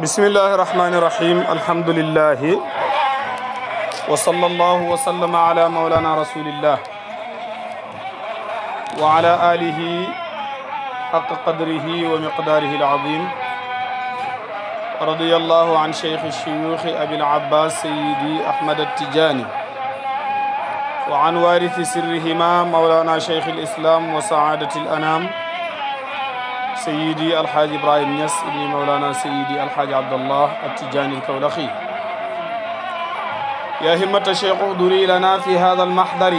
بسم الله الرحمن الرحيم الحمد لله وصلى الله وسلم على مولانا رسول الله وعلى آله حق قدره ومقداره العظيم رضي الله عن شيخ الشيوخ أبي العباس سيدي أحمد التجاني وعن وارث سرهما مولانا شيخ الإسلام وسعادة الأنام سيدي الحاج إبراهيم نس ابن مولانا سيدي الحاج عبد الله التجاني الكولخي يا همة الشيخ اغدري لنا في هذا المحضر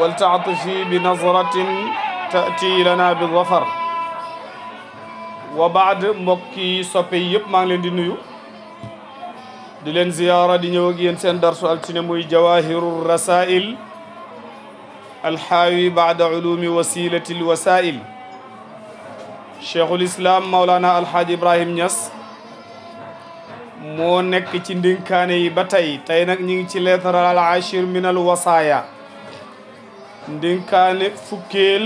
ولتعطفي بنظرة تأتي لنا بالظفر وبعد مكي صبي يب مانلين دي نيو di leen ziyaara di ñëw ak yéen seen darsu altine muy jawahiru cheikhul islam maulana alhaaji ibrahim Niass moo nekk ci ndénkaane yi ba tey tey nag ñu ngi ci lettre al ashir min al wasaaya ndénkaane fukkeel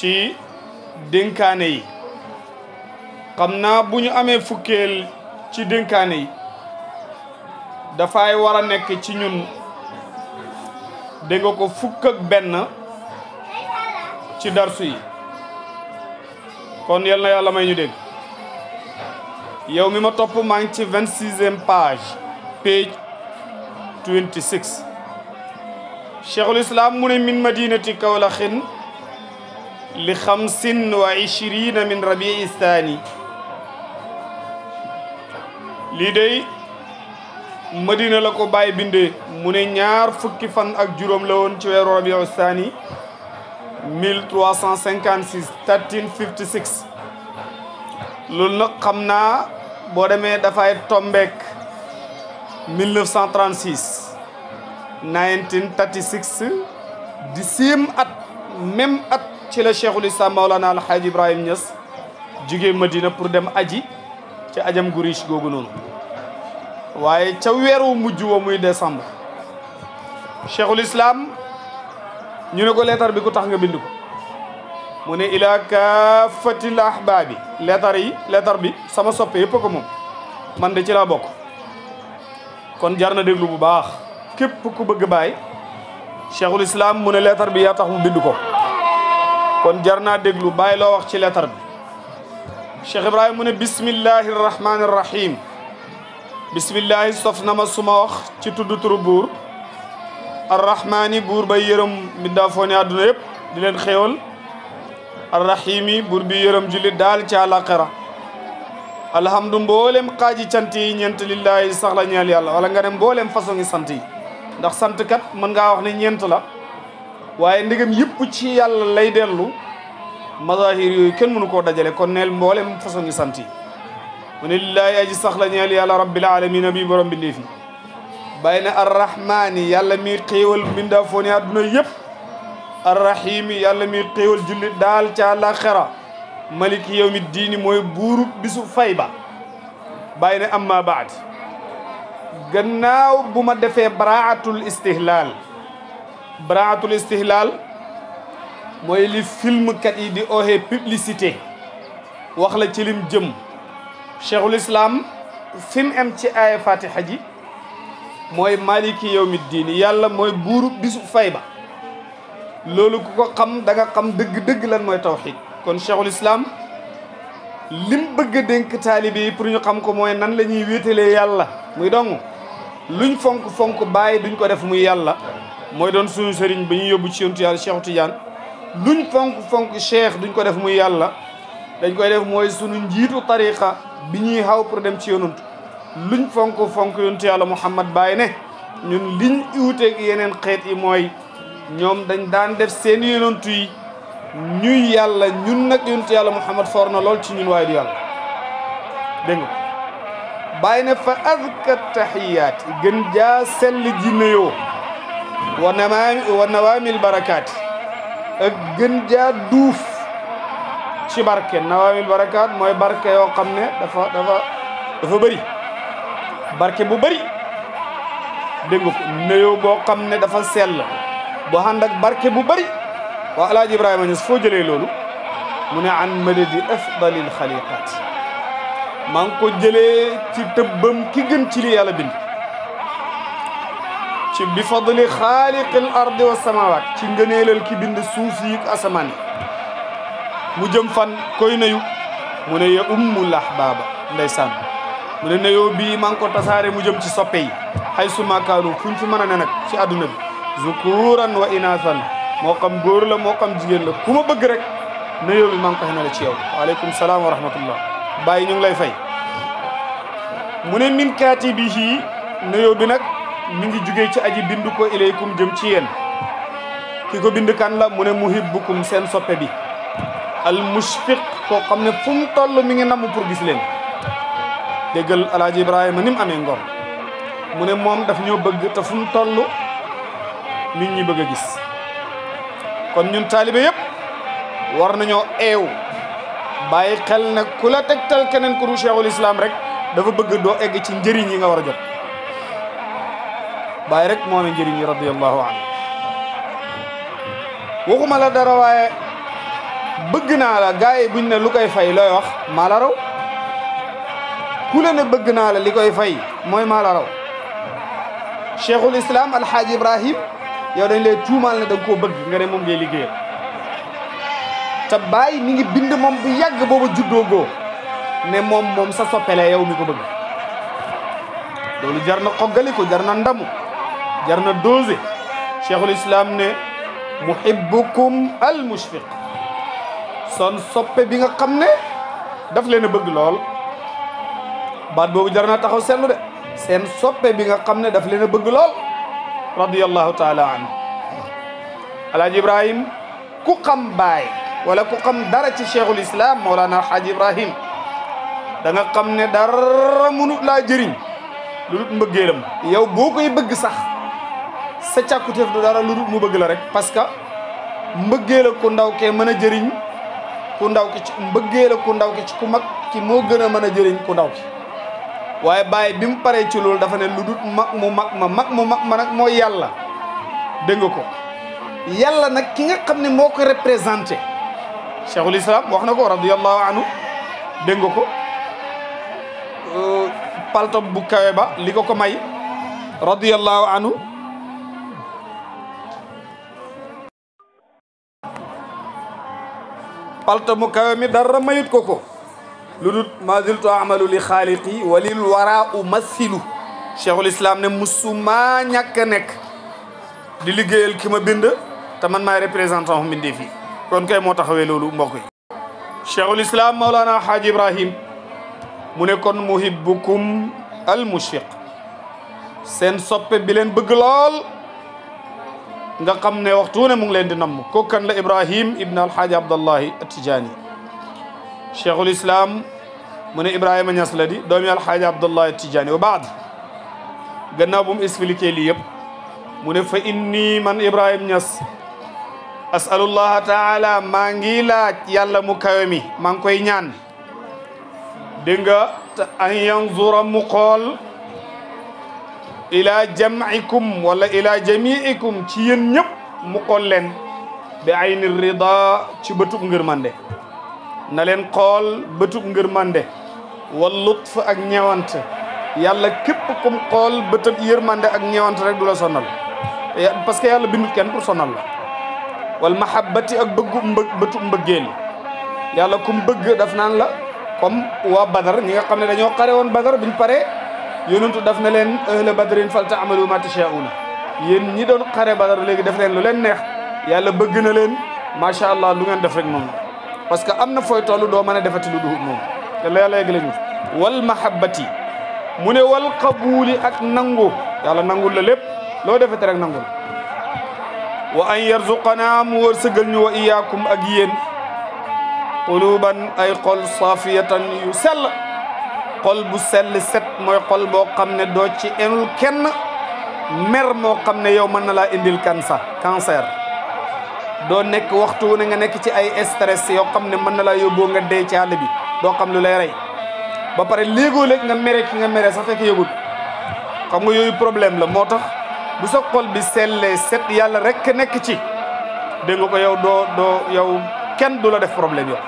ci dénkaane yi xam naa bu ñu amee fukkeel ci dénkaane yi dafay war a nekk ci ñun dégg nga ko fukk benn ci darsu yi kon yalla yàlla may ñu deg yow mi ma top ma ngi ci 26e page page 26 cheikhul islam mune min madinati kawla khin li 25 min rabii thani li day madina la ko bàyyi bindee mu ñaar fukki fan ak juróom la woon ci wéro rabiu thani 1356 1356 loolu nag xam naa boo demee dafay tombeek 1936 1936 di siim at même at ci la cheikhul islam maolana alhaaji ibrahim Niass ma Madina pour dem aji ci ajam gu riche googu noonu waaye ca weeru mujj wa muy décembre cheikhul islam ñu ne ko lettre bi ku tax nga bind ko mu ne ila kaafatil ahbabi lettre yi lettre bi sama soppe yep ko mom man de ci la bok kon jar na bu baax kep ku bëgg bay cheikhul islam mu ne lettre bi ya tax mu bind ko kon jar naa déglu bàyyi wax ci lettre bi cheikh ibrahim mu ne bismillahir rahmanir rahim bismillah sof ma suma wax ci tuddu turu arrahmaani buur bay yërëm mbindaa foo ne àdduna yëpp di leen xéewal arrahimi buur bi yërëm jullit daal ci àllaaxira alhamdu mboolem xaaji cant yi ñeent lillahi sax la ñeel yàlla wala nga ne mboolem façon yi sant yi ndax sant kat mën ngaa wax ne ñeent la waaye ndigam yëpp ci yàlla lay dellu mazahir yooyu kenn mënu koo dajale kon neel mboolem façon yi sant yi mu ne lillahi aji sax la ñeel yàlla rabbil alamina bi borom bi ndéefi بين الرحمن يلمي قيول من دفون يدنا يب الرحيم يلمي قيول جل دال تعالى خرا ملك يوم الدين موي بورو بسو فايبا بين أما بعد غناو بما دفي براعة الاستهلال براعة الاستهلال موي لي فيلم كاتي دي اوهي بيبليسيتي واخلا تي ليم جيم شيخ الاسلام فيم ام تي اي فاتحه جي mooy maliki yawmi diini yàlla mooy buuru bisu fay ba loolu ko xam da nga xam dëgg-dëgg lan mooy tawxiid kon cheikhul islam lim bëgg a dénk taalibe yi pour ñu xam ko mooy nan la ñuy wéetalee yàlla muy dong luñ fonk fonk bàyyi duñ ko def muy yàlla mooy doon suñu sëriñ bi ñuy yóbbu ci yontu yàlla cheikhu tidiane luñ fonk fonk cheikh duñ ko def muy yàlla dañ koy def mooy suñu njiitu tariqa bi ñuy xaw pour dem ci yonantu luñ fonk fonk yonte yàlla Muhammad baye ne ñun liñ iwuté ak yenen xet yi moy ñom dañ daan def seen yonentu yi ñuy yàlla ñun nak yonte yàlla Muhammad forna lol ci ñun waaye du yàlla deng baye ne fa azka tahiyat gën ja sel ji neyo wa nawaami wa nawaamil barakaat ak gën ja duuf ci barke nawaamil barakat moy barke yo xamne dafa dafa dafa bari barke bu bari deggu neyo go xamne dafa sel bu hand ak barke bu bari wa alaaji ibrahim ñas fo jele loolu mune an madadi afdalil khaliqat man ko jele ci tëbbam ki gën ci li yàlla bind ci bi fadli al ard wa samawat ci ngëneelal ki bind suuf yi ak asaman mu jëm fan koy neyu mune ya ummul ahbaba ndaysan mune ne nuyoo bii maa ko tasaare mu jëm ci soppe yi xay sumakaanu fuñ fi mëna ne nak ci aduna bi zukuran wa inasan mo xam goor la mo xam jigen la kuma bëgg rek nuyoo bi maa ko xamale ci yow alaykum salaam wa rahmatullah bàyyi ñu ngi lay fay mune ne min kaatibihi nuyoo bi nak mi ngi jugee ci aji bindu ko ilaykum jëm ci yeen kiko bind kan la mune muhibbukum sen soppe bi al mushfiq ko xamne fum tollu mi ngi nam pour gis len déggal alaaji ibrahima ni mu amee mu ne moom daf ñoo bëgg te fu nit ñi bëgg a gis kon ñun taalibe yépp war nañoo eew bàyyi xel ne ku la tegtal keneen ku du cheikhul islam rek dafa bëgg doo egg ci njëriñ yi nga war a jot bàyyi rek moo amee njëriñ yi radiyallahu anhu waxuma la dara waaye bëgg naa la gars buñ ne lu koy fay looy wax maa raw ku la ne bëgg naa la li koy fay mooy maa la raw cheikhul islam alhaaji ibrahim yow dañ lay tuumaal ne da nga koo bëgg nga moom ngay liggéeyal te bàyyi mi ngi bind moom bu yàgg booba juddoo goo ne moom moom sa soppele yow mi ko bëgg loolu jar na xoggali ko jar na ndamu jar na dosé cheikhul islam ne muhibbukum al mushfiq soppe bi nga xam ne daf leen bëgg lool baat boobu jar na taxaw seetlu de seen soppe bi nga xam ne daf leen a bëgg lool radiyallahu taala anhu alaaji ibrahim ku xam baay wala ku xam dara ci cheikhul islam mawlana alhaaji ibrahim da nga xam ne dara munut laa jëriñ lu dul mbëggeelam yow boo koy bëgg sax sa càkkuteef du dara lu dul mu bëgg la rek parce que mbëggeel ku ndaw ke mën a jëriñ ku ndaw ki ci mbëggeel ku ndaw ki ci ku mag ki moo gën a mën a jëriñ ku ndaw ki waaye bàyyi bi mu paree ci loolu dafa ne lu dut mag mu mag ma mag mu mag ma nag mooy yàlla dégg nga ko yàlla nag ki nga xam ne moo ko représenté cheikhul islam wax na ko radiyallahu anhu dégg nga ko euh, palto bu kawe ba li ko ko may radiyallahu anhu palto mu kawe mi dara mayut ko ko لودو ما زلت اعمل لخالقي وللوراء امثل شيخ الاسلام نه مسوما نياك نيك دي ليغيال كيما بيند تا مان ماي ريبريزونتون مندي في كون كاي مو تاخوي لولو موكاي شيخ الاسلام مولانا حاج ابراهيم مو نيكون محبكم المشيق سين سوبي بيلن بغ لول nga xamne waxtu ne mu ngi len di nam ko kan la ibrahim ibn al haj abdullah at tijani cheikhul islam mu ne Ibrahima Niass la di doomi alxaaji Abdullahi Tijaani wa baad gannaaw bu mu expliqué lii yëpp mu ne fa inni man Ibrahima Niass asalullaha taala maa ngi laaj yàlla mu kawe mi maa ngi koy ñaan dégg nga an yanzura mu xool ila jamikum wala ila jamiikum ci yéen ñëpp mu xool leen bi ayni rida ci bëtub ngërmande na leen xool bëtub ngërmande wal lutf ak ñewante yàlla képp kum xool bëtëb yërmande ak ñewante rek du la sonal parce que yàlla bindul kenn pour sonal la wal mahabbati ak bëggu mbë bëtu mbëggeel yàlla kum bëgg daf naan la comme waa badar ñi nga xam ne dañoo xare woon badar buñ paree yonentu daf na leen ahla badrin fal taamalu ma tashauna yéen ñi doon xare badar léegi def leen lu leen neex yàlla bëgg na leen macha allah lu ngeen def rek moom parce que amna foy fooy do doo defati lu dul moom te la yàlla yegg ñu wal mahabbati mune wal qabul ak nangu yàlla nangul la lépp lo defati rek nangul wa an yarzuqana mu wërsëgal ñu wa iyyakum ak yéen quluban ay qal safiyatan yusall qalbu sel set moy qal bo xamne do ci enul kenn mer mo xamne yow man la indil cancer cancer doo nekk waxtu ne nga nekk ci ay stress yoo xam ne mën na laa yóbboo nga dee ci àll bi doo xam lu lay rey ba pare léegoo léeg nga mere ki nga mere sax fekk yëgut xam nga yooyu problème la moo tax bu sa xol bi sellee set yàlla rek nekk ci dégg ko yow doo doo yow kenn du la def problème yow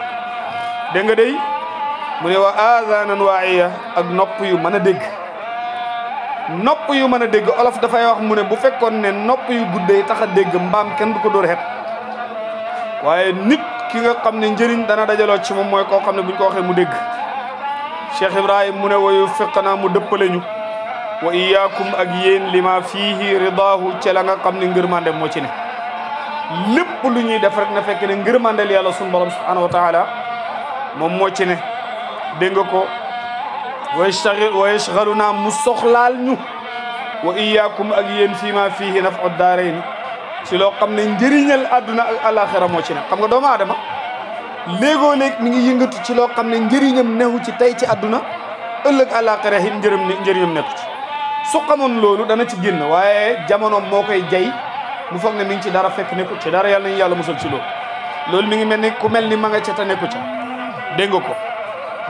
dégg nga day mu ne waa aazaanan waa'iya ak nopp yu mën a dégg nopp yu mën a dégg olof dafay wax mu ne bu fekkoon ne nopp yu guddee tax a dégg mbaam kenn du ko dóor xet waaye nit ki nga xam ne njëriñ dana dajaloo moom mooy koo xam ne buñ ko waxee mu dégg Cheikh Ibrahim mu ne wayu fiqanaa mu dëppale ñu wa iyaakum ak yéen lima fiihi ridaahu ci la nga xam ne ngërmande moo ci ne lépp lu ñuy def rek na fekk ne ngërmandel yàlla sunu borom subhanahu wa taala moo ci ne dégg nga ko wa yashtaghil wa yashghaluna mu soxlaal ñu wa iyaakum ak yéen fima fiihi nafu daarayni ci loo xam ne njëriñal àdduna ak àllaaxira moo ci ne xam nga doomu adama léegoo léeg mi ngi yëngatu ci loo xam ne njëriñam newu ci tey ci àdduna ëllëg àllaaxira yi njëriñam njëriñam nekku ci su xamoon loolu dana ci génn waaye jamonoom moo koy jay mu foog ne mi ngi ci dara fekk nekku ci dara yàlla nañu yàlla musal ci loolu loolu mi ngi mel ni ku mel ni ma nga ca ta ne ca dégg nga ko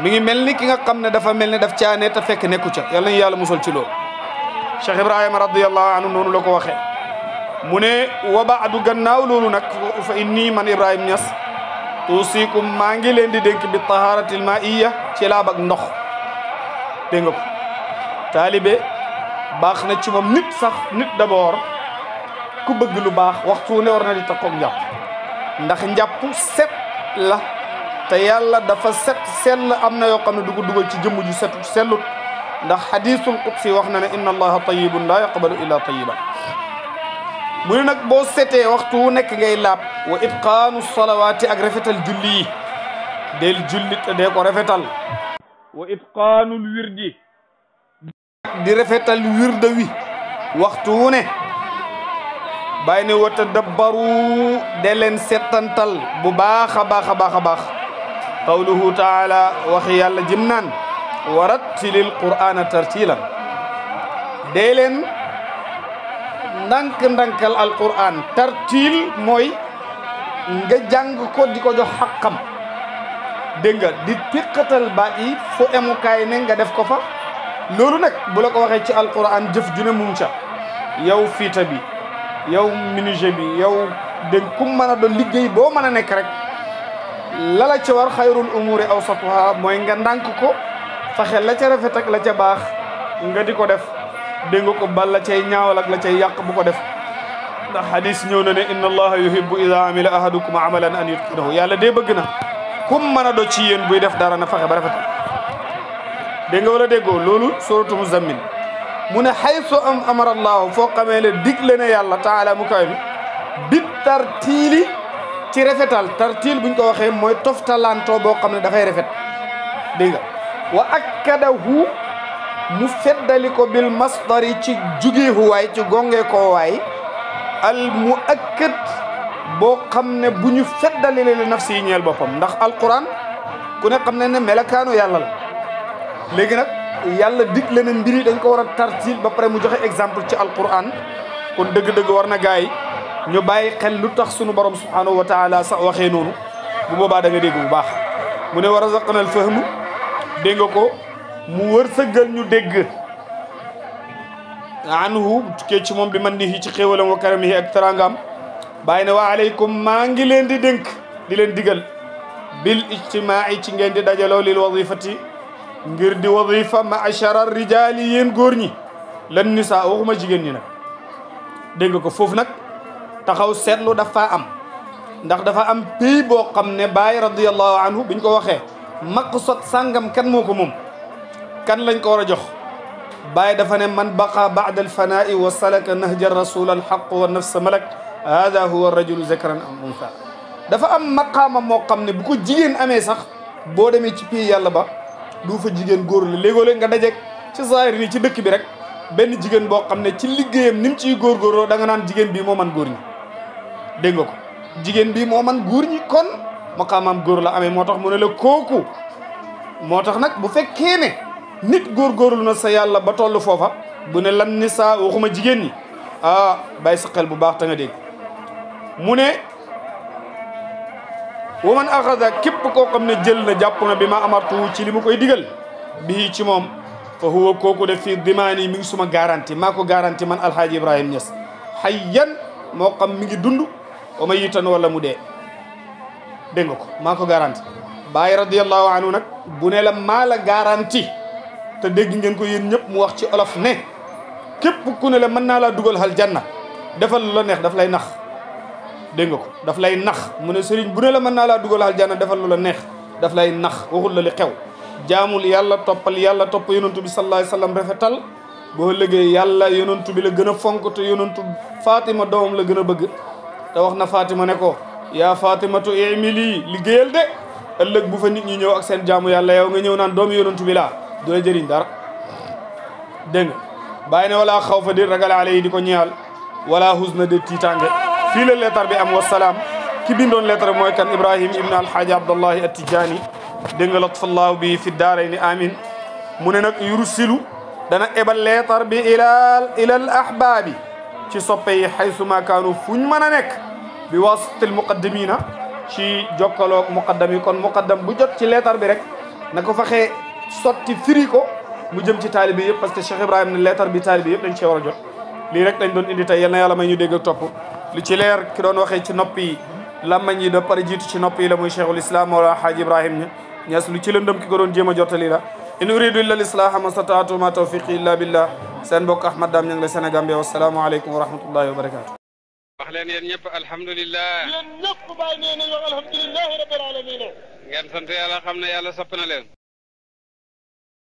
mi ngi mel ni ki nga xam ne dafa mel ni daf caane te fekk nekku ca yàlla nañu yàlla musal ci loolu Cheikh Ibrahima radiyallahu anhu noonu la ko waxee mune ne wa baadu gannaaw lolu nak fa inni man ibrahim Niass tusikum mangi len di dénk bi taharatil ma'iyya ci la bak ndokh dégg nga ko taalibe baax na ci mom nit sax nit d'abord ku bëgg lu bax waxtu ne war na di takkom japp ndax japp set la te yàlla dafa set sell amna yo xamne xam ne dugal ci jëm ju set sellut ndax hadithul qudsi waxna ne inna allaha tayyibun la yaqbalu illa tayyiban mune nak bo sété waxtu nek ngay laab wa itqanu ssalawati ak rafetal julli del julli te dee ko rafetal wa itqanu lwirdi di rafetal wirda wi waxtu ne bayne ne wa delen setantal bu baakha baakha baakha a qawluhu taala wa yàlla jinnan naan qur'ana ndank ndankal alquran tartil moy nga jang ko di jox hakam dégg nga di piqatal bai yi emu kay ne nga def ko fa lolu nak bu la ko waxee ci alquran jëf ju ne ca yow fiita bi yow menuisier bi yow de kum mana do liggey bo mana nek rek la la ci war khairul umuri awsatuha moy nga ndank ko faxe la ci rafet ak la ci bax nga di def dégg nga ko bal la cay ñaawal ak la cay yàq bu ko def ndax hadis ñëw na ne inna allaha yuhibbu ida amila ahadukum amalan an yutqinahu yàlla dee bëgg na kum mën a ci yéen buy def dara na fexe ba rafet dégg nga wala déggoo loolu suratu muzammil mu ne xaysu am amara allahu foo xamee ne digle ne yàlla taala mu kawe mi bit tartiili ci rafetal tartiil buñ ko waxee mooy toftalantoo boo xam ne dafay rafet dégg nga wa akkadahu mu feddali ko bil masdari ci jugeekuwaay ci gongeekoowaay al mu akkat boo xam ne bu ñu feddali li nafsi yi ñeel boppam ndax alquran ku ne xam ne ne melakaanu yàlla la léegi nag yàlla digle na mbir yi dañ ko war a tartil ba pare mu joxe exemple ci alquran kon dëgg-dëgg war na gaay ñu bàyyi xel lu tax sunu borom subhanahu wa taala sax waxee noonu bu boobaa da nga dégg bu baax mu ne wa razaqna al fahmu dégg nga ko mu wërsëgal ñu dégg anu tukkee ci moom bi man ni ci xéewalam wa karamihi ak tarangam bàyyi ne wa aleykum maa ngi leen di dénk di leen digal bil ijtimaai ci ngeen di dajaloo lil wadifati ngir di wadifa maachara rijaali yéen góor ñi lan nisa waxuma jigéen ñi nag dégg ko foofu nag taxaw seetlu dafa am ndax dafa am pii boo xam ne Baay radiyallahu anhu biñ ko waxee maqsad sàngam kan moo ko moom kan lañ ko war a jox bàyyi dafa ne man baqa baada alfanaa'i wa salaka nahja rasul alxaq wa nafsa malak hada huwa rajulu zakran am unsa dafa am maqaama moo xam ne bu ko jigéen amee sax boo demee ci pays yàlla ba du fa jigéen góor la léegoo-léeg nga dajeg ci zahir nii ci dëkk bi rek benn jigéen boo xam ne ci liggéeyam ni mu ciy góorgóorloo da nga naan jigéen bii moo man góor ñi dégg nga ko jigéen bii moo man góor ñi kon maqaamaam góor la amee moo tax mu ne la kooku moo tax nag bu fekkee ne nit góorgóorlu na sa yàlla ba toll foofa bu ne lan ni saa waxuma jigéen ñi ah bay sa xel bu baax ta nga dégg mu ne waman axada képp koo xam ne jël na jàpp na bi ma amartu ci li mu koy digal bii ci moom fa huwa kooku def fii dimaani mi ngi suma garanti maa ko garanti man alhaaji ibrahima Niass hayyan moo xam mi ngi dund wa ma wala mu dee dégg nga ko maa ko garanti bàyyi radiallahu anhu nag bu ne garanti te dégg ngeen ko yéen ñëpp mu wax ci olof ne képp ku ne la mën naa laa dugal xal janna defal lu la neex daf lay nax dégg nga ko daf lay nax mu ne sëriñ bu ne la mën naa laa dugal xal janna defal lu la neex daf lay nax waxul la li xew jaamul yàlla toppal yàlla topp yonantu bi sallallahu alayhi wasallam rafetal boo liggéey yàlla yonantu bi la gën a fonk te yonantu Fatima doomam la gën a bëgg te wax na Fatima ne ko yaa Fatimatu imili liggéeyal de ëllëg bu fa nit ñëw ak seen jaamu yàlla yow nga ñëw naan doomu yonantu bi laa دولا جيرين دار دين باين ولا خوف دي رغال علي ديكو نيال ولا حزن دير تيتانغ في لا لتر بي ام والسلام كي بيندون لتر موي كان ابراهيم ابن الحاج عبد الله التجاني دين لطف الله بي في الدارين امين من نك يرسلو دانا ابل لتر بي الى الى الاحباب شي صبي حيث ما كانوا فن مانا نك بواسطه المقدمين شي جوكلو مقدمي كون مقدم بو جوت سي لتر بي رك نكو فخي sotti firi ko mu jëm ci taalibe yëpp parce que Cheikh Ibrahima ne leetar bi taalibe yëpp dañ cee war a jot lii rek dañ doon indi tey yal na yàlla may ñu dégg ak topp lu ci leer ki doon waxee ci nopp yi làmmañ yi da pare jiitu ci nopp yi la muy cheikhul islam wala haaji ibrahima ñas lu ci lëndëm ki ko doon jéem a jottali la in uridu illa lislaha ma stataatu ma tawfiqi illa billah seen bokk ahmad daam ña ngi la sénégal bi wasalaamu aleykum wa rahmatullahi wa barakatu wax leen yéen ñëpp alhamdulillah yéen ñëpp bàyyi nee nañ wax alhamdulilahi rabbil alamin ngeen sant yàlla xam ne yàlla sopp na leen